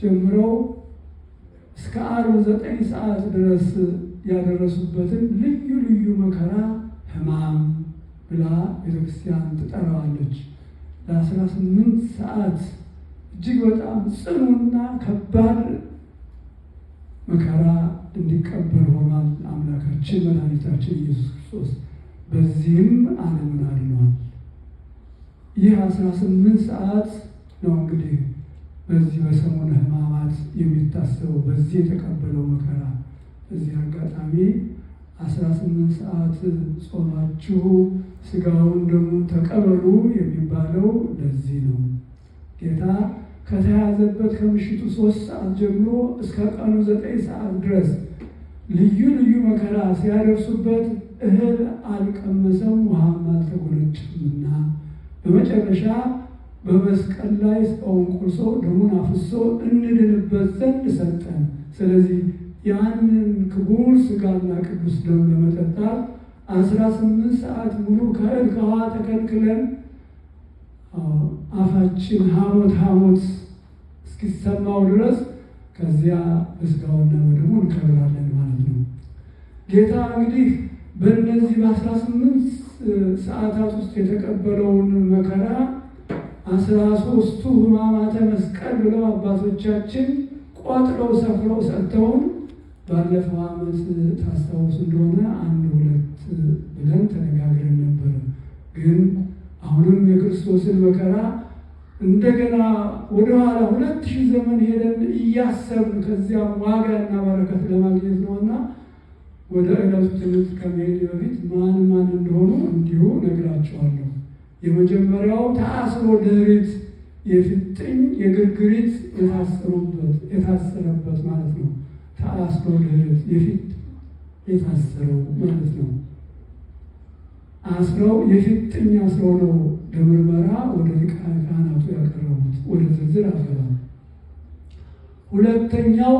ጀምሮ እስከ ዓርብ ዘጠኝ ሰዓት ድረስ ያደረሱበትን ልዩ ልዩ መከራ ህማም ብላ ቤተክርስቲያን ትጠራዋለች። ለአስራ ስምንት ሰዓት እጅግ በጣም ጽኑና ከባድ መከራ እንዲቀበል ሆኗል አምላካችን መድኃኒታችን ኢየሱስ ክርስቶስ። በዚህም ዓለምን አድኗል። ይህ አስራ ስምንት ሰዓት ነው እንግዲህ በዚህ በሰሞነ ሕማማት የሚታሰበው በዚህ የተቀበለው መከራ በዚህ አጋጣሚ አስራ ስምንት ሰዓት ጾማችሁ ስጋውን ደግሞ ተቀበሉ የሚባለው ለዚህ ነው። ጌታ ከተያዘበት ከምሽቱ ሶስት ሰዓት ጀምሮ እስከ ቀኑ ዘጠኝ ሰዓት ድረስ ልዩ ልዩ መከራ ሲያደርሱበት እህል አልቀመሰም ውሃም አልተጎነጨምና በመጨረሻ በመስቀል ላይ ስጋውን ቆርሶ ደሙን አፍሶ እንድንበት ዘንድ ሰጠን። ስለዚህ ያንን ክቡር ስጋና ቅዱስ ደም ለመጠጣት አስራ ስምንት ሰዓት ሙሉ ከእድ ከውሃ ተከልክለን አፋችን ሐሞት ሐሞት እስኪሰማው ድረስ ከዚያ በስጋውና በደሙ እንከብራለን ማለት ነው። ጌታ እንግዲህ በእነዚህ በአስራ ስምንት ሰዓታት ውስጥ የተቀበለውን መከራ አስራ ሶስቱ ሕማማተ መስቀል ብለው አባቶቻችን ቆጥረው ሰፍረው ሰጥተውን ባለፈው ዓመት ታስታውሱ እንደሆነ አንድ ሁለት ብለን ተነጋግረን ነበር። ግን አሁንም የክርስቶስን መከራ እንደገና ወደኋላ ሁለት ሺህ ዘመን ሄደን እያሰብን ከዚያም ዋጋና በረከት ለማግኘት ነውና ወደ ዕለቱ ትምህርት ከመሄድ በፊት ማን ማን እንደሆኑ እንዲሁ ነግራቸዋለሁ። የመጀመሪያው ተአስሮ ድሪት የፍጥኝ የግርግሪት የታሰሩበት የታሰረበት ማለት ነው። ተአስሮ ድሪት የፊት የታሰረው ማለት ነው። አስረው የፊጥኝ አስረው ነው ለምርመራ ወደ ሊቀ ካህናቱ ያቀረቡት። ወደ ዝርዝር አገባ። ሁለተኛው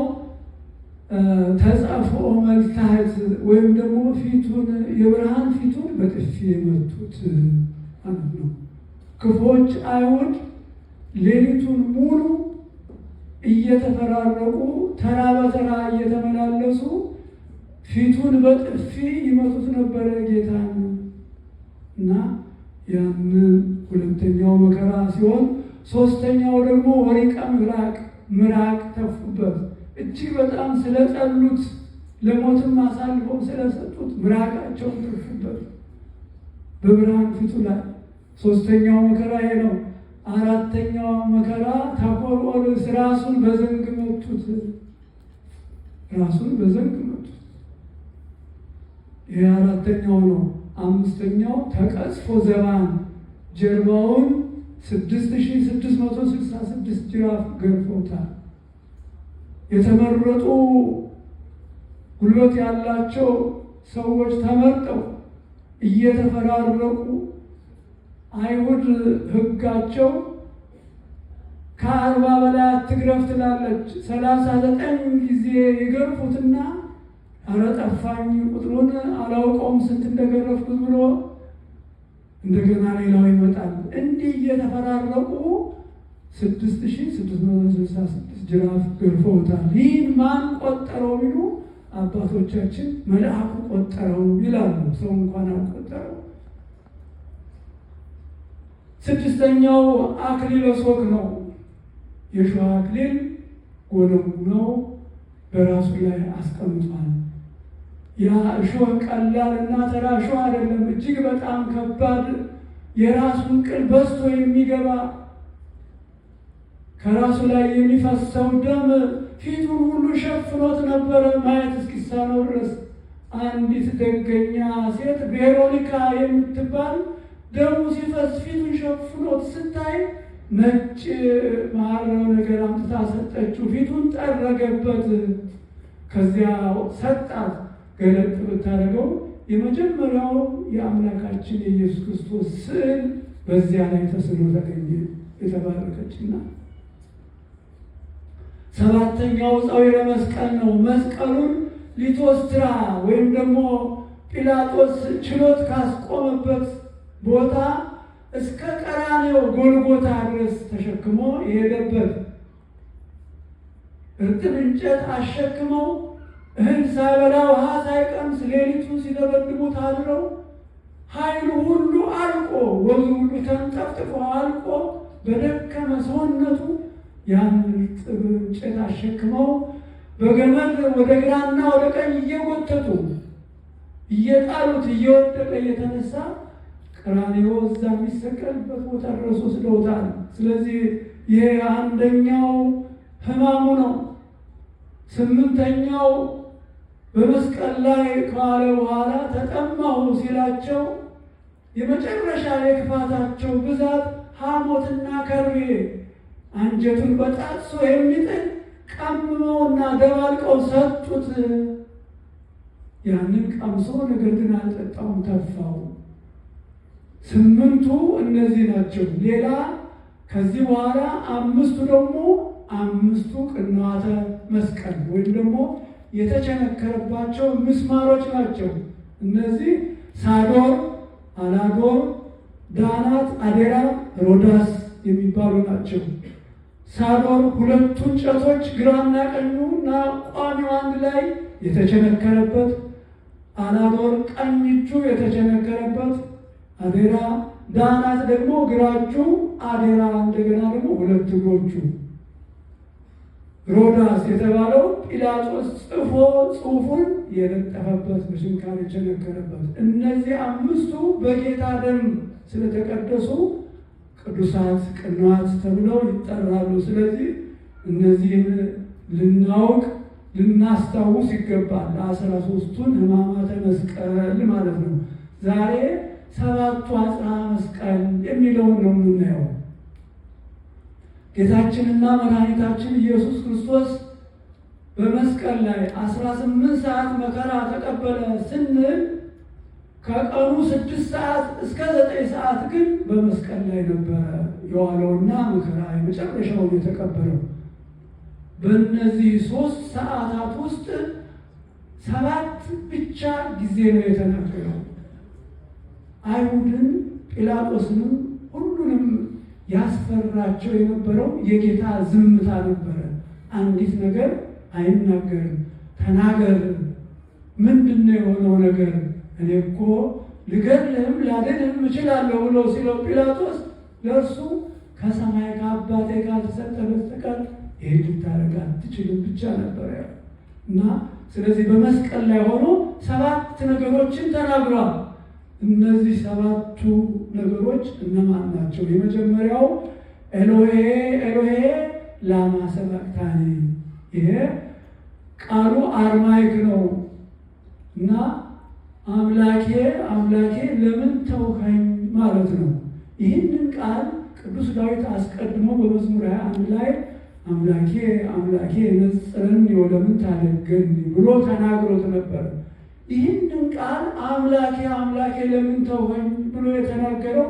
ተጻፎ መልታት ወይም ደግሞ ፊቱን የብርሃን ፊቱን በጥፊ የመቱት አንዱ ክፎች አይሁድ ሌሊቱን ሙሉ እየተፈራረቁ ተራ በተራ እየተመላለሱ ፊቱን በጥፊ ይመቱት ነበረ ጌታን እና ያንን ሁለተኛው መከራ ሲሆን ሶስተኛው ደግሞ ወሪቀ ምራቅ ምራቅ ተፉበት። እጅግ በጣም ስለጠሉት ለሞትም አሳልፈው ስለሰጡት ምራቃቸውን ተፉበት በብርሃን ፊቱ ላይ ሶስተኛው መከራ ይሄ ነው። አራተኛው መከራ ታቆሮስ ራሱን በዘንግ መቱት። ራሱን በዘንግ መቱት። ይህ አራተኛው ነው። አምስተኛው ተቀጽፎ ዘባን ጀርባውን 6666 ጅራፍ ገርፎታል። የተመረጡ ጉልበት ያላቸው ሰዎች ተመርጠው እየተፈራረቁ አይሁድ ህጋቸው ከአርባ በላይ አትግረፍ ትላለች። ሰላሳ ዘጠኝ ጊዜ የገርፉትና አረ ጠፋኝ ቁጥሩን አላውቀውም ስንት እንደገረፍኩት ብሎ እንደገና ሌላው ይመጣል። እንዲህ እየተፈራረቁ ስድስት ሺ ስድስት መቶ ጅራፍ ገርፈውታል። ይህን ማን ቆጠረው ቢሉ አባቶቻችን መልአኩ ቆጠረው ይላሉ። ሰው እንኳን አልቆጠረው ስድስተኛው አክሊለ ሦክ ነው። የሾህ አክሊል ጎነጉኖ በራሱ ላይ አስቀምጧል። ያ እሾህ ቀላል እና ተራ እሾህ አይደለም፣ እጅግ በጣም ከባድ የራሱን ቅል በስቶ የሚገባ ከራሱ ላይ የሚፈሰው ደም ፊቱን ሁሉ ሸፍኖት ነበረ ማየት እስኪሳነው ድረስ። አንዲት ደገኛ ሴት ቬሮኒካ የምትባል ደሙ ሲፈስ ፊቱን ሸፍኖት ስታይ ነጭ ማረው ነገር አምጥታ ሰጠችው። ፊቱን ጠረገበት። ከዚያ ሰጣት። ገለጥ ብታደርገው የመጀመሪያው የአምላካችን የኢየሱስ ክርስቶስ ስዕል በዚያ ላይ ተስሎ ተገኘ። የተባረከችና ሰባተኛው ጻዊረ መስቀል ነው። መስቀሉን ሊቶስትራ ወይም ደግሞ ጲላጦስ ችሎት ካስቆመበት ቦታ እስከ ቀራኔው ጎልጎታ ድረስ ተሸክሞ የሄደበት እርጥብ እንጨት አሸክመው እህል ሳይበላ ውሃ ሳይቀምስ ሌሊቱ ሲደበድቡት አድረው ኃይሉ ሁሉ አልቆ ወዙ ሁሉ ተንጠፍጥፎ አልቆ በደከመ ሰውነቱ ያን እርጥብ እንጨት አሸክመው በገመድ ወደ ግራና ወደ ቀኝ እየጎተቱ እየጣሉት እየወደቀ እየተነሳ ቀራንዮ እዛ የሚሰቀልበት ቦታ ድረስ ወስደውታል። ስለዚህ ይሄ አንደኛው ሕማሙ ነው። ስምንተኛው በመስቀል ላይ ከዋለ በኋላ ተጠማሁ ሲላቸው የመጨረሻ የክፋታቸው ብዛት ሐሞትና ከርቤ አንጀቱን በጣጥሶ የሚጥል ቀምመውና ደባልቀው ሰጡት። ያንን ቀምሶ ነገር ግን አልጠጣውም፣ ተፋው። ስምንቱ እነዚህ ናቸው። ሌላ ከዚህ በኋላ አምስቱ ደግሞ አምስቱ ቅንዋተ መስቀል ወይም ደግሞ የተቸነከረባቸው ምስማሮች ናቸው። እነዚህ ሳዶር፣ አላዶር፣ ዳናት፣ አዴራ፣ ሮዳስ የሚባሉ ናቸው። ሳዶር ሁለቱ እንጨቶች ግራና ቀኙ እና ቋሚው አንድ ላይ የተቸነከረበት፣ አላዶር ቀኝ እጁ የተቸነከረበት አደራ ዳናት ደግሞ ግራጩ አዴራ እንደገና ደግሞ ሁለት እግሮቹ ሮዳስ የተባለው ጲላጦስ ጽፎ ጽሑፉን የለጠፈበት ምስንካር የቸነከረበት እነዚህ አምስቱ በጌታ ደም ስለተቀደሱ ቅዱሳት ቅንዋት ተብለው ይጠራሉ። ስለዚህ እነዚህን ልናውቅ ልናስታውስ ይገባል። ለአስራ ሶስቱን ሕማማተ መስቀል ማለት ነው ዛሬ ሰባቱ አጽራ መስቀል የሚለውን ነው የምናየው። ጌታችንና መድኃኒታችን ኢየሱስ ክርስቶስ በመስቀል ላይ አስራ ስምንት ሰዓት መከራ ተቀበለ ስንል ከቀኑ ስድስት ሰዓት እስከ ዘጠኝ ሰዓት ግን በመስቀል ላይ ነበረ የዋለውና መከራ የመጨረሻውን የተቀበለው። በእነዚህ ሶስት ሰዓታት ውስጥ ሰባት ብቻ ጊዜ ነው የተናገረው። አይሁድን ጲላጦስንም ሁሉንም ያስፈራቸው የነበረው የጌታ ዝምታ ነበረ። አንዲት ነገር አይናገርም፣ ተናገር፣ ምንድን ነው የሆነው ነገር? እኔ እኮ ልገልህም ላደንህም እችላለሁ ብሎ ሲለው ጲላጦስ ለእርሱ ከሰማይ ከአባቴ ካልተሰጠ በስተቀር ይህ ልታደርግ አትችልም ብቻ ነበር ያለው እና ስለዚህ በመስቀል ላይ ሆኖ ሰባት ነገሮችን ተናግሯል። እነዚህ ሰባቱ ነገሮች እነማን ናቸው? የመጀመሪያው ኤሎሄ ኤሎሄ ላማ ሰበቅታኒ፣ ይሄ ቃሉ አርማይክ ነው እና አምላኬ አምላኬ ለምን ተውከኝ ማለት ነው። ይህንን ቃል ቅዱስ ዳዊት አስቀድሞ በመዝሙር ሃያ አንድ ላይ አምላኬ አምላኬ ነጽረን ወለምን ታደገን ብሎ ተናግሮት ነበር። ይህንን ቃል አምላኬ አምላኬ ለምን ተውኸኝ ብሎ የተናገረው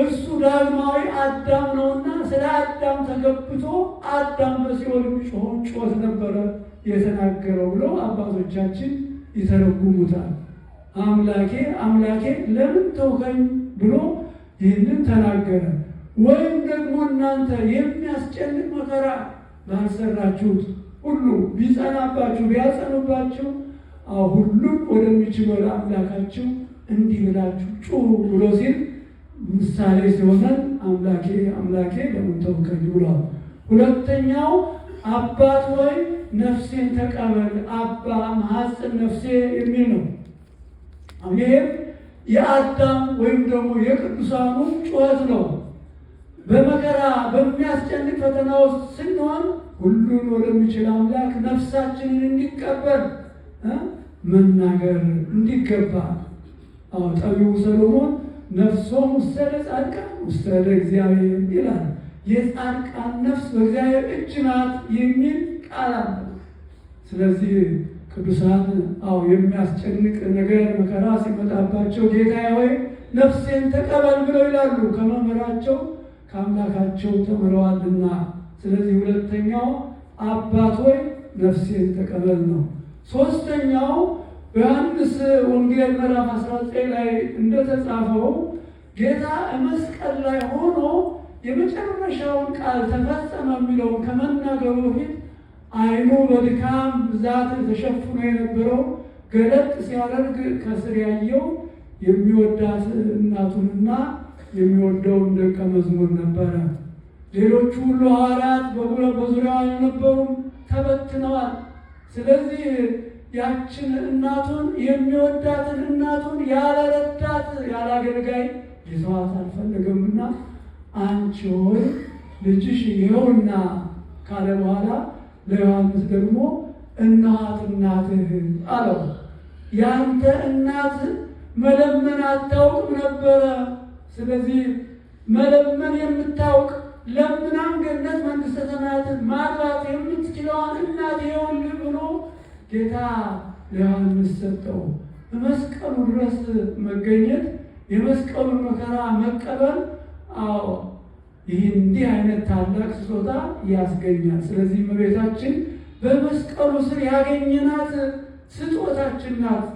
እርሱ ዳግማዊ አዳም ነውና ስለ አዳም ተገብቶ አዳም በሲኦል የሚጮኸውን ጩኸት ነበረ የተናገረው ብለው አባቶቻችን ይተረጉሙታል። አምላኬ አምላኬ ለምን ተውኸኝ ብሎ ይህንን ተናገረ። ወይም ደግሞ እናንተ የሚያስጨንቅ መከራ ባልሰራችሁት ሁሉ ቢጸናባችሁ ቢያጸኑባችሁ ሁሉም ወደሚችለው ለአምላካችሁ እንዲህ ብላችሁ ጩሁ ብሎ ሲል ምሳሌ ሲሆናል። አምላኬ አምላኬ ለምን ተውከኝ ብሏል። ሁለተኛው አባት ወይ ነፍሴን ተቀበል አባ መሐፅን ነፍሴ የሚል ነው። ይህም የአዳም ወይም ደግሞ የቅዱሳኑ ጩኸት ነው። በመከራ በሚያስጨንቅ ፈተና ውስጥ ስንሆን ሁሉን ወደሚችል አምላክ ነፍሳችንን እንዲቀበል መናገር እንዲገባ አዎ ጠቢቡ ሰሎሞን ነፍሶም ውስተ ለጻድቃን ውስተ ለእግዚአብሔር ይላል። የጻድቃን ነፍስ በእግዚአብሔር እጅ ናት የሚል ቃል አለ። ስለዚህ ቅዱሳን አዎ የሚያስጨንቅ ነገር መከራ ሲመጣባቸው ጌታ ወይ ነፍሴን ተቀበል ብለው ይላሉ። ከመምህራቸው ከአምላካቸው ተምረዋልና። ስለዚህ ሁለተኛው አባት ሆይ ነፍሴን ተቀበል ነው። ሶስተኛው በዮሐንስ ወንጌል ምዕራፍ 19 ላይ እንደተጻፈው ጌታ መስቀል ላይ ሆኖ የመጨረሻውን ቃል ተፈጸመ የሚለውን ከመናገሩ በፊት አይኑ በድካም ብዛት ተሸፍኖ የነበረው ገለጥ ሲያደርግ ከስር ያየው የሚወዳት እናቱንና የሚወደውን ደቀ መዝሙር ነበረ። ሌሎቹ ሁሉ ሐዋርያት በዙሪያው አልነበሩም፣ ተበትነዋል። ስለዚህ ያችን እናቱን የሚወዳትን እናቱን ያለረዳት ያላገልጋይ ይዘዋት አልፈልግምና አንቺ ሆይ ልጅሽ ይኸውና ካለ በኋላ ለዮሐንስ ደግሞ እናት እናትህ አለው። ያንተ እናት መለመን አታውቅም ነበረ። ስለዚህ መለመን የምታውቅ ለምናም ገነት መንግስተ ሰማያትን ማግባት የምትችለዋን እናት ይኸውልህ ብሎ ጌታ ለዮሐንስ ሰጠው። በመስቀሉ ድረስ መገኘት የመስቀሉን መከራ መቀበል፣ አዎ ይህ እንዲህ አይነት ታላቅ ስጦታ ያስገኛል። ስለዚህ እመቤታችን በመስቀሉ ስር ያገኘናት ስጦታችን ናት።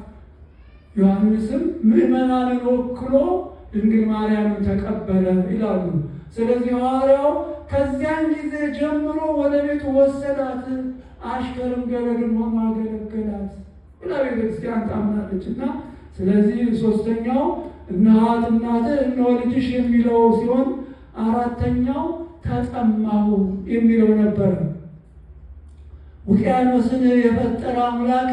ዮሐንስም ምዕመናንን ወክሎ ድንግል ማርያምን ተቀበለ ይላሉ። ስለዚህ ሐዋርያው ከዚያን ጊዜ ጀምሮ ወደ ቤቱ ወሰዳት፣ አሽከርም ገረድም ሆኖ አገለገላት ብላ ቤተ ታምናለች እና ስለዚህ ሶስተኛው እነኋት እናት እነሆ ልጅሽ የሚለው ሲሆን አራተኛው ተጠማሁ የሚለው ነበር። ውቅያኖስን የፈጠረ አምላክ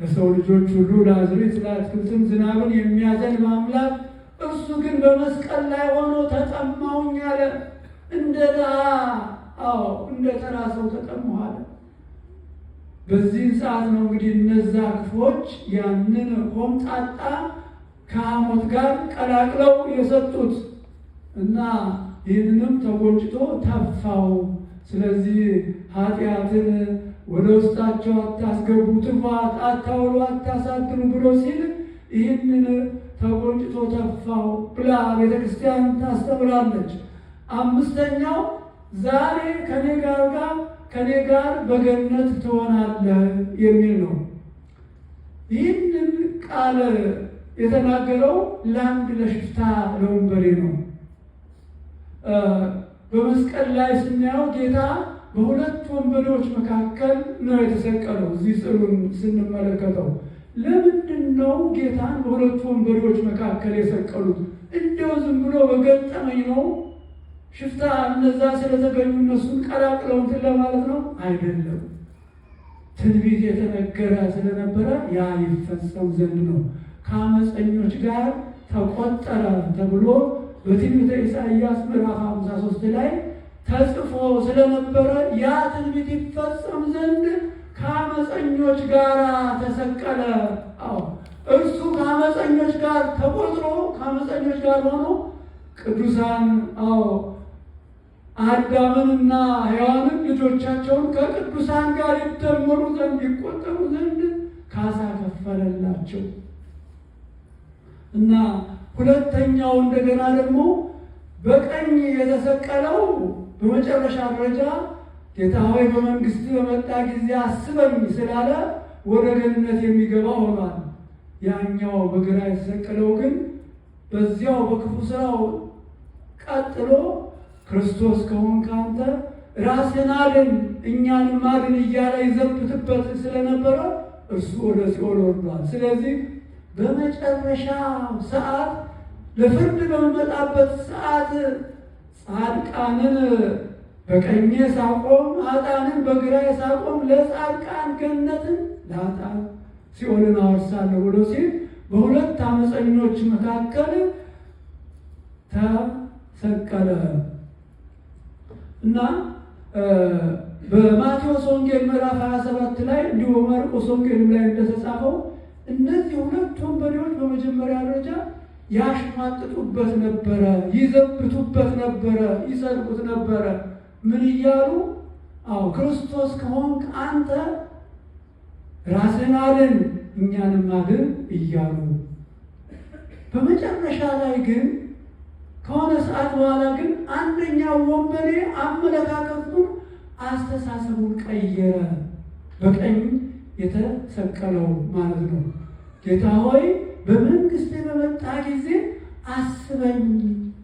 ለሰው ልጆች ሁሉ ለአዝርዕት ለአትክልትም ዝናብን የሚያዘንብ አምላክ እሱ ግን በመስቀል ላይ ሆኖ ተጠማውኝ አለ። እንደ ድሃ አዎ፣ እንደ ተራ ሰው ተጠማሁ በዚህን ሰዓት ነው እንግዲህ እነዛ ክፎች ያንን ሆምጣጣ ከሐሞት ጋር ቀላቅለው የሰጡት እና ይህንንም ተጎጭቶ ተፋው። ስለዚህ ኃጢአትን ወደ ውስጣቸው አታስገቡ፣ ትፋት አታውሉ፣ አታሳድሩ ብሎ ሲል ይህንን ተጎንጭቶ ተፋው ብላ ቤተ ክርስቲያን ታስተምራለች። አምስተኛው ዛሬ ከኔ ጋር ጋር ከኔ ጋር በገነት ትሆናለህ የሚል ነው። ይህንን ቃል የተናገረው ለአንድ ለሽፍታ ለወንበዴ ነው። በመስቀል ላይ ስናየው ጌታ በሁለት ወንበዴዎች መካከል ነው የተሰቀለው። እዚህ ስዕሉን ስንመለከተው ለምን ነው ጌታን በሁለቱ ወንበዴዎች መካከል የሰቀሉት። እንደው ዝም ብሎ በገጠመኝ ነው ሽፍታ እነዛ ስለተገኙ እነሱን ቀላቅለው እንትን ለማለት ነው አይደለም። ትንቢት የተነገረ ስለነበረ ያ ይፈጸም ዘንድ ነው። ከአመፀኞች ጋር ተቆጠረ ተብሎ በትንቢተ ኢሳይያስ ምዕራፍ 53 ላይ ተጽፎ ስለነበረ ያ ትንቢት ይፈጸም ዘንድ ከአመፀኞች ጋር ተሰቀለ ከአመፀኞች ጋር ተቆጥሮ ከአመፀኞች ጋር ሆኖ ቅዱሳን አዎ አዳምንና ሔዋንን ልጆቻቸውን ከቅዱሳን ጋር ይደመሩ ዘንድ ይቆጠሩ ዘንድ ካሳ ከፈለላቸው እና ሁለተኛው እንደገና ደግሞ በቀኝ የተሰቀለው በመጨረሻ ደረጃ ጌታ ሆይ በመንግስት በመጣ ጊዜ አስበኝ ስላለ ወደ ገነት የሚገባ ሆኗል። ያኛው በግራ የተሰቀለው ግን በዚያው በክፉ ስራው ቀጥሎ ክርስቶስ ከሆንክ አንተ ራስን አድን እኛን ማድን እያለ ይዘብትበት ስለነበረ እርሱ ወደ ሲኦል ወርዷል። ስለዚህ በመጨረሻ ሰዓት ለፍርድ በመመጣበት ሰዓት ጻድቃንን በቀኜ ሳቆም፣ ኃጥአንን በግራ ሳቆም፣ ለጻድቃን ገነትን ለኃጥአን ሲኦልን አወርሳለሁ ብሎ ሲል በሁለት አመፀኞች መካከል ተሰቀለ እና በማቴዎስ ወንጌል ምዕራፍ 27 ላይ እንዲሁ ማርቆስ ወንጌል ላይ እንደተጻፈው እነዚህ ሁለት ወንበዴዎች በመጀመሪያ ደረጃ ያሽማጥጡበት ነበረ፣ ይዘብቱበት ነበረ፣ ይሰርቁት ነበረ። ምን እያሉ አዎ ክርስቶስ ከሆንክ አንተ ራስን አድን እኛንም አድን እያሉ በመጨረሻ ላይ ግን ከሆነ ሰዓት በኋላ ግን አንደኛው ወንበዴ አመለካከቱን አስተሳሰቡን ቀየረ። በቀኝ የተሰቀለው ማለት ነው። ጌታ ሆይ በመንግስት በመጣ ጊዜ አስበኝ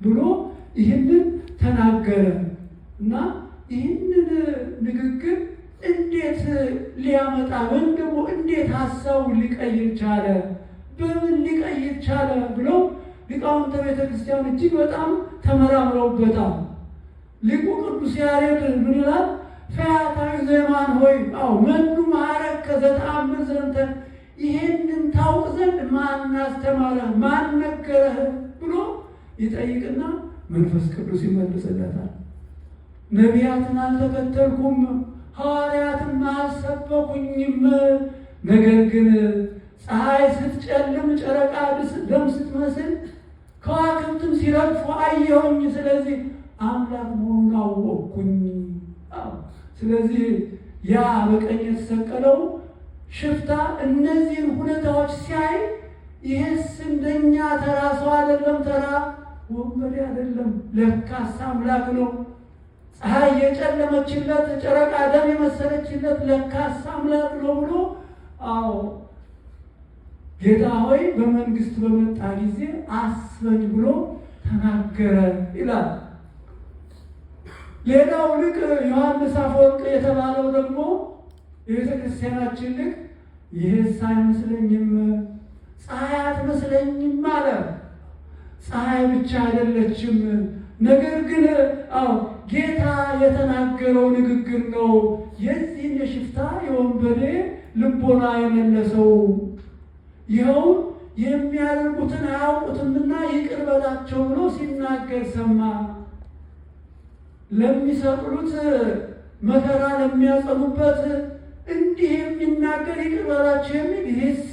ብሎ ይህንን ተናገረ እና ይህንን ንግግር እንዴት ሊያመጣ ወይም ደግሞ እንዴት ሀሳቡ ሊቀይር ቻለ፣ በምን ሊቀይር ቻለ ብሎ ሊቃውንተ ቤተ ክርስቲያን እጅግ በጣም ተመራምረውበታል። ሊቁ ቅዱስ ያሬድ ምን ይላል? ፈያታዊ ዘማን ሆይ አው መኑ መሐረከ ዘተአምር ዘንተ፣ ይሄንን ታውቅ ዘንድ ማን አስተማረህ ማን ነገረህ ብሎ ይጠይቅና መንፈስ ቅዱስ ይመልስለታል። ነቢያትን አልተከተልኩም ሐዋርያትም አሰበኩኝም። ነገር ግን ፀሐይ ስትጨልም ጨረቃ ደም ስትመስል ከዋክብትም ሲረግፉ አየሁኝ። ስለዚህ አምላክ መሆኑን አወቅኩኝ። ስለዚህ ያ በቀኝ የተሰቀለው ሽፍታ እነዚህን ሁኔታዎች ሲያይ ይህስ እንደኛ ተራ ሰው አይደለም፣ ተራ ወንበዴ አይደለም፣ ለካስ አምላክ ነው ፀሐይ የጨለመችለት ጨረቃ ደም የመሰለችለት ለካስ አምላክ ነው ብሎ አዎ ጌታ ሆይ በመንግስት በመጣ ጊዜ አስበኝ ብሎ ተናገረ ይላል። ሌላው ልቅ ዮሐንስ አፈወርቅ የተባለው ደግሞ የቤተ ክርስቲያናችን ልቅ ይህስ አይመስለኝም ፀሐይ አትመስለኝም አለ። ፀሐይ ብቻ አይደለችም ነገር ግን አዎ ጌታ የተናገረው ንግግር ነው። የዚህን የሽፍታ የወንበዴ ልቦና የመለሰው ይኸው የሚያደርጉትን አያውቁትምና ይቅር በላቸው ብሎ ሲናገር ሰማ። ለሚሰቅሉት መከራ ለሚያጸኑበት እንዲህ የሚናገር ይቅር በላቸው የሚል ይህስ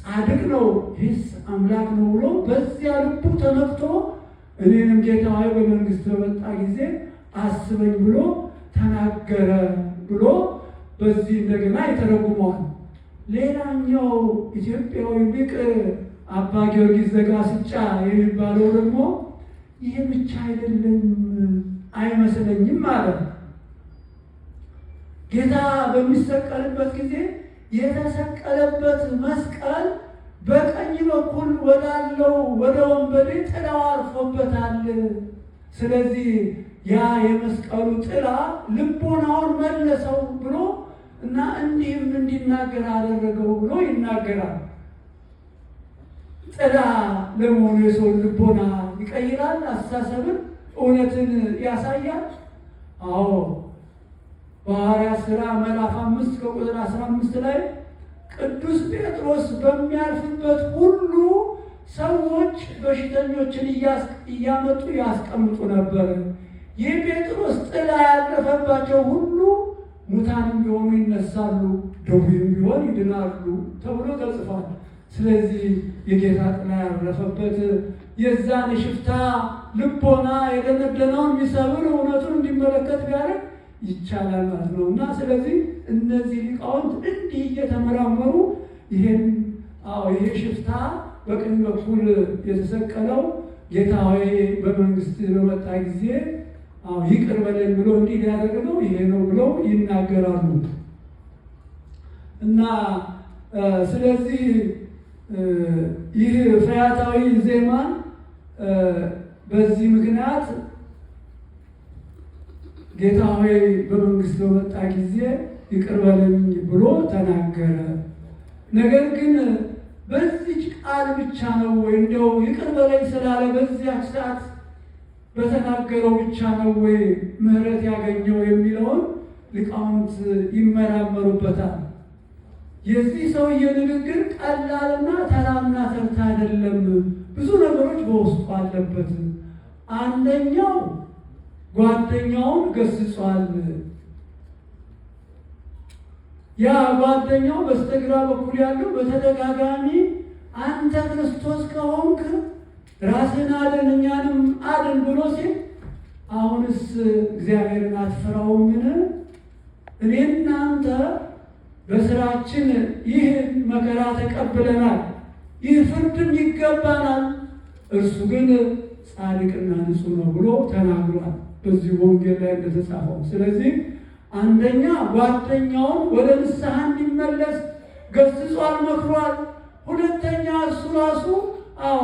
ጻድቅ ነው፣ ይህስ አምላክ ነው ብሎ በዚያ ልቡ ተነክቶ እኔንም ጌታ ሆይ በመንግስት በመጣ ጊዜ አስበኝ ብሎ ተናገረ ብሎ በዚህ እንደገና ይተረጉመዋል። ሌላኛው ኢትዮጵያዊ ሊቅ አባ ጊዮርጊስ ዘጋስጫ የሚባለው ደግሞ ይህ ብቻ አይደለም አይመስለኝም ማለት ጌታ በሚሰቀልበት ጊዜ የተሰቀለበት መስቀል በቀኝ በኩል ወዳለው ወደ ወንበዴ ጥላው አርፎበታል። ስለዚህ ያ የመስቀሉ ጥላ ልቦናውን መለሰው ብሎ እና እንዲህም እንዲናገር አደረገው ብሎ ይናገራል። ጥላ ለመሆኑ የሰውን ልቦና ይቀይራል፣ አስተሳሰብን፣ እውነትን ያሳያል። አዎ በሐዋርያ ሥራ ምዕራፍ አምስት ከቁጥር አስራ አምስት ላይ ቅዱስ ጴጥሮስ በሚያልፍበት ሁሉ ሰዎች በሽተኞችን እያመጡ ያስቀምጡ ነበር የጴጥሮስ ጥላ ያረፈባቸው ሁሉ ሙታን የሚሆኑ ይነሳሉ፣ ደዌም ቢሆን ይድናሉ ተብሎ ተጽፏል። ስለዚህ የጌታ ጥላ ያረፈበት የዛን ሽፍታ ልቦና የደነደነውን የሚሰብር እውነቱን እንዲመለከት ቢያደርግ ይቻላል ማለት ነው እና ስለዚህ እነዚህ ሊቃውንት እንዲህ እየተመራመሩ ይሄን አዎ ይሄ ሽፍታ በቀኝ በኩል የተሰቀለው ጌታ ሆይ በመንግስት በመጣ ጊዜ ይቅር በለኝ ብሎ እንዲህ ያደረግ ነው ይሄ ነው ብሎ ይናገራሉ። እና ስለዚህ ይህ ፈያታዊ ዜማን በዚህ ምክንያት ጌታ ሆይ በመንግስት በመጣ ጊዜ ይቅር በለኝ ብሎ ተናገረ። ነገር ግን በዚች ቃል ብቻ ነው ወይ እንደው ይቅር በለኝ ስላለ በዚያች ሰዓት በተናገረው ብቻ ነው ወይ ምሕረት ያገኘው የሚለውን ሊቃውንት ይመራመሩበታል። የዚህ ሰውዬ ንግግር ቀላልና ተራና ተርታ አይደለም። ብዙ ነገሮች በውስጡ አለበት። አንደኛው ጓደኛውን ገስጿል። ያ ጓደኛው በስተግራ በኩል ያለው በተደጋጋሚ አንተ ክርስቶስ ከሆንክ ራስን አድን እኛንም አድን ብሎ ሲል አሁንስ እግዚአብሔርን አትፈራውምን? እኔ እናንተ በስራችን ይህ መከራ ተቀብለናል፣ ይህ ፍርድም ይገባናል። እርሱ ግን ጻድቅና ንጹሕ ነው ብሎ ተናግሯል፣ በዚህ ወንጌል ላይ እንደተጻፈው። ስለዚህ አንደኛ ጓደኛውን ወደ ንስሐ እንዲመለስ ገስጿል፣ መክሯል። ሁለተኛ እሱ ራሱ አዎ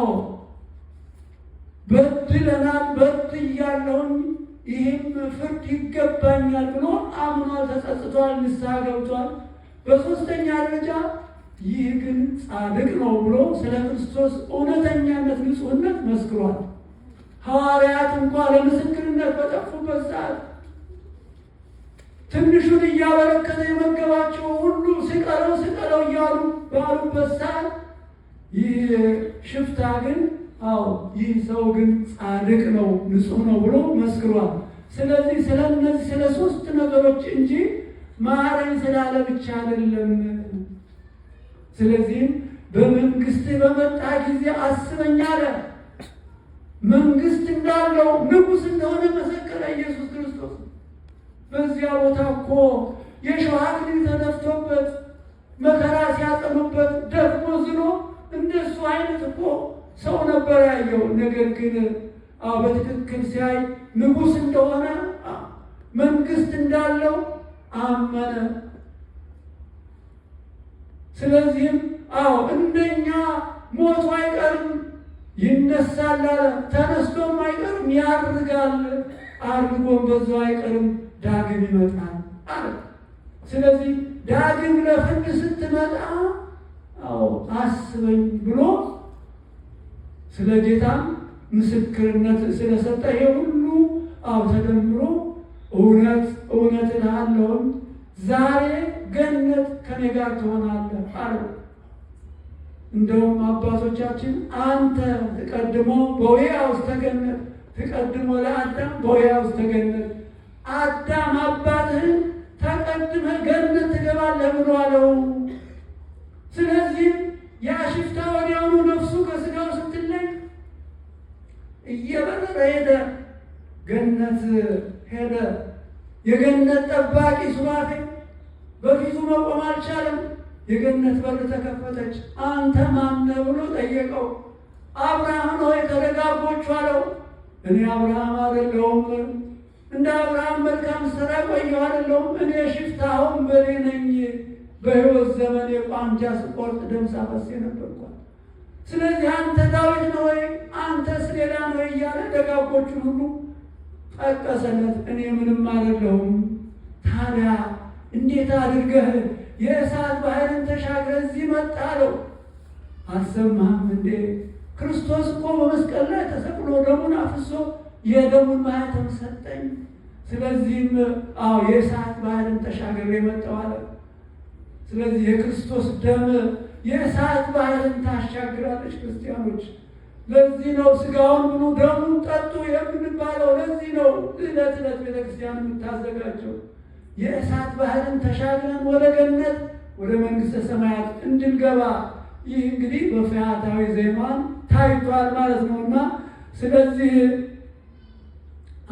በድለናል፣ በት እያለውን ይህም ፍርድ ይገባኛል ብሎ አምኗል፣ ተጸጽቷል፣ ንስሐ ገብቷል። በሶስተኛ ደረጃ ይህ ግን ጻድቅ ነው ብሎ ስለ ክርስቶስ እውነተኛነት፣ ንጹህነት መስክሯል። ሐዋርያት እንኳ ለምስክርነት በጠፉበት ሰዓት ትንሹን እያበረከተ የመገባቸው ሁሉ ስቀለው ስቀለው እያሉ ባሉበት ሰዓት ይህ ሽፍታ ግን አዎ ይህ ሰው ግን ጻድቅ ነው ንጹሕ ነው ብሎ መስክሯል። ስለዚህ ስለ እነዚህ ስለ ሶስት ነገሮች እንጂ ማረኝ ስላለ ብቻ አይደለም። ስለዚህም በመንግስት በመጣ ጊዜ አስበኝ አለ። መንግስት እንዳለው ንጉስ እንደሆነ መሰከረ ኢየሱስ ክርስቶስ። በዚያ ቦታ እኮ የሸዋ አክሊል ተደፍቶበት መከራ ሲያጠኑበት ደግሞ ዝኖ እንደሱ አይነት እኮ ሰው ነበር ያየው። ነገር ግን በትክክል ሲያይ ንጉሥ እንደሆነ መንግስት እንዳለው አመነ። ስለዚህም አዎ እንደኛ ሞቱ አይቀርም ይነሳል አለ። ተነስቶም አይቀርም ያድርጋል፣ አድርጎም በዛው አይቀርም ዳግም ይመጣል አለ። ስለዚህ ዳግም ለፍርድ ስትመጣ አዎ አስበኝ ብሎ ስለ ጌታ ምስክርነት ስለሰጠ ይሄ ሁሉ አብ ተደምሮ እውነት እውነት እልሃለሁኝ ዛሬ ገነት ከኔ ጋር ትሆናለህ አለ። እንደውም አባቶቻችን አንተ ትቀድሞ በውያ ውስጥ ተገነት ትቀድሞ ለአዳም በውያ ውስጥ ተገነት አዳም አባትህን ተቀድመህ ገነት ትገባለህ ብሎ አለው። ስለዚህ ያ ሽፍታ ወዲያውኑ እየበረረ ሄደ፣ ገነት ሄደ። የገነት ጠባቂ ሱራፌል በፊቱ መቆም አልቻለም። የገነት በር ተከፈተች። አንተ ማነ ብሎ ጠየቀው። አብርሃም ሆይ ከደጋጎቹ አለው። እኔ አብርሃም አይደለሁም፣ እንደ አብርሃም መልካም ስራ ቆየሁ አይደለሁም። እኔ ሽፍታውን በሌ ነኝ። በሕይወት ዘመን የቋንጃ ስቆርጥ ደም ሳፈስ ነበርኳል ስለዚህ አንተ ዳዊት ነው ወይ አንተስ ሌላ ነው እያለ ደጋጎቹን ሁሉ ጠቀሰለት። እኔ ምንም አይደለሁም። ታዲያ እንዴት አድርገህ የእሳት ባህርን ተሻግረህ እዚህ መጣ አለው። አልሰማህም እንዴ? ክርስቶስ እኮ በመስቀል ላይ ተሰቅሎ ደሙን አፍሶ የደሙን ማኅተም ሰጠኝ። ስለዚህም አዎ የእሳት ባህርን ተሻገር መጣሁ አለ። ስለዚህ የክርስቶስ ደም የእሳት ባህርን ታሻግራለች። ክርስቲያኖች ለዚህ ነው ስጋውን ብሉ ደሙን ጠጡ የምንባለው። ለዚህ ነው እለት ዕለት ቤተክርስቲያን የምታዘጋጀው። የእሳት ባህርን ተሻግረን ወደ ገነት ወደ መንግሥተ ሰማያት እንድንገባ ይህ እንግዲህ በፈያታዊ ዜማን ታይቷል ማለት ነው እና ስለዚህ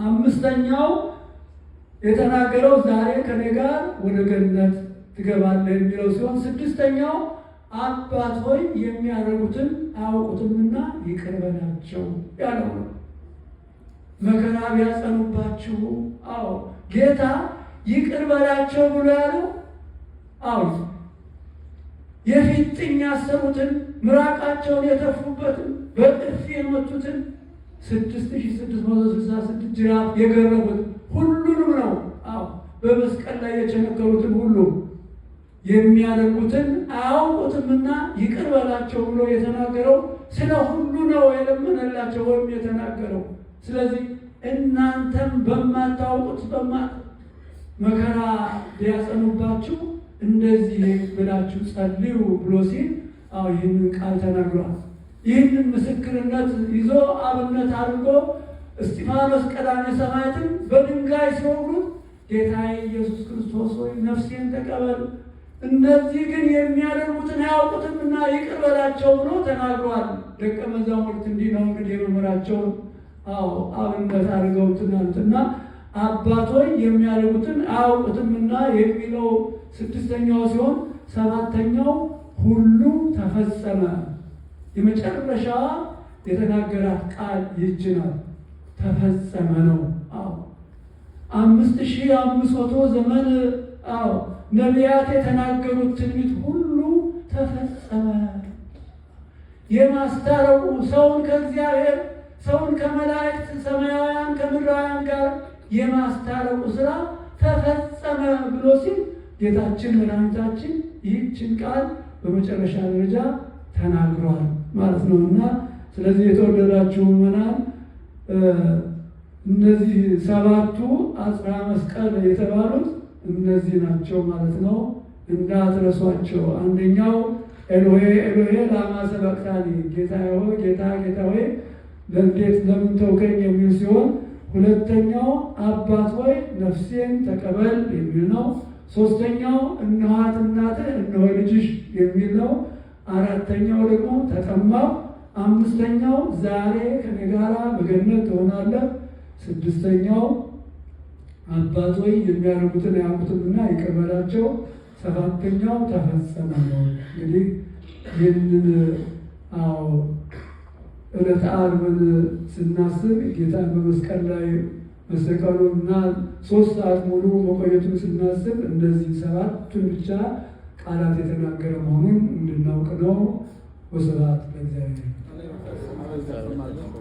አምስተኛው የተናገረው ዛሬ ከኔ ጋር ወደ ገነት ትገባለህ የሚለው ሲሆን ስድስተኛው አባት ሆይ የሚያደርጉትን አያውቁትምና ይቅር በላቸው ያለው ነው። መከራ ቢያጸኑባችሁ፣ አዎ ጌታ ይቅር በላቸው ብሎ ያለው አዎ የፊት ጥኝ ያሰሩትን ምራቃቸውን የተፉበትን በጥፊ የመቱትን ስድስት ሺ ስድስት መቶ ስልሳ ስድስት ጅራፍ የገረፉት ሁሉንም ነው። አዎ በመስቀል ላይ የቸነከሩትን ሁሉ የሚያደርጉትን አያውቁትምና ይቅር በላቸው ብሎ የተናገረው ስለ ሁሉ ነው የለመነላቸው ወይም የተናገረው። ስለዚህ እናንተም በማታውቁት መከራ ሊያጸኑባችሁ እንደዚህ ብላችሁ ጸልዩ ብሎ ሲል አዎ ይህንን ቃል ተናግሯል። ይህንን ምስክርነት ይዞ አብነት አድርጎ እስጢፋኖስ ቀዳሜ ሰማዕትን በድንጋይ ሲወግሩት ጌታዬ ኢየሱስ ክርስቶስ ሆይ ነፍሴን ተቀበል እነዚህ ግን የሚያደርጉትን አያውቁትምና ይቅር በላቸው ብሎ ተናግሯል። ደቀ መዛሙርት እንዲህ ነው እንግዲህ መምህራቸውን አዎ አብነት አድርገው ትናንትና አባቶች የሚያደርጉትን አያውቁትምና የሚለው ስድስተኛው ሲሆን ሰባተኛው ሁሉ ተፈጸመ። የመጨረሻ የተናገራት ቃል ይህች ናት፣ ተፈጸመ ነው። አዎ አምስት ሺህ አምስት መቶ ዘመን አዎ ነቢያት የተናገሩት ትንቢት ሁሉ ተፈጸመ። የማስታረቁ ሰውን ከእግዚአብሔር ሰውን ከመላእክት ሰማያውያን ከምድራውያን ጋር የማስታረቁ ስራ ተፈጸመ ብሎ ሲል ጌታችን መድኃኒታችን ይህችን ቃል በመጨረሻ ደረጃ ተናግሯል ማለት ነው እና ስለዚህ የተወደዳችሁ ምዕመናን እነዚህ ሰባቱ አጽራ መስቀል የተባሉት እነዚህ ናቸው ማለት ነው። እንዳትረሷቸው። አንደኛው ኤሎሄ ኤሎሄ ላማ ሰበቅታኒ፣ ጌታ ሆይ ጌታ ጌታ ሆይ ለእንዴት ለምን ተውከኝ የሚል ሲሆን ሁለተኛው አባት ሆይ ነፍሴን ተቀበል የሚል ነው። ሶስተኛው እነኋት እናትህ እነሆ ልጅሽ የሚል ነው። አራተኛው ደግሞ ተጠማው አምስተኛው ዛሬ ከኔ ጋራ በገነት ትሆናለህ። ስድስተኛው አባት ሆይ የሚያደርጉትን አያውቁትምና ይቅር ሰባተኛው ተፈጸመ ነው። እንግዲህ ይህንን አዎ ዕለተ ዓርብን ስናስብ ጌታን በመስቀል ላይ መሰቀሉና ሶስት ሰዓት ሙሉ መቆየቱን ስናስብ እነዚህ ሰባቱን ብቻ ቃላት የተናገረ መሆኑን እንድናውቅ ነው። ወስብሐት ለእግዚአብሔር።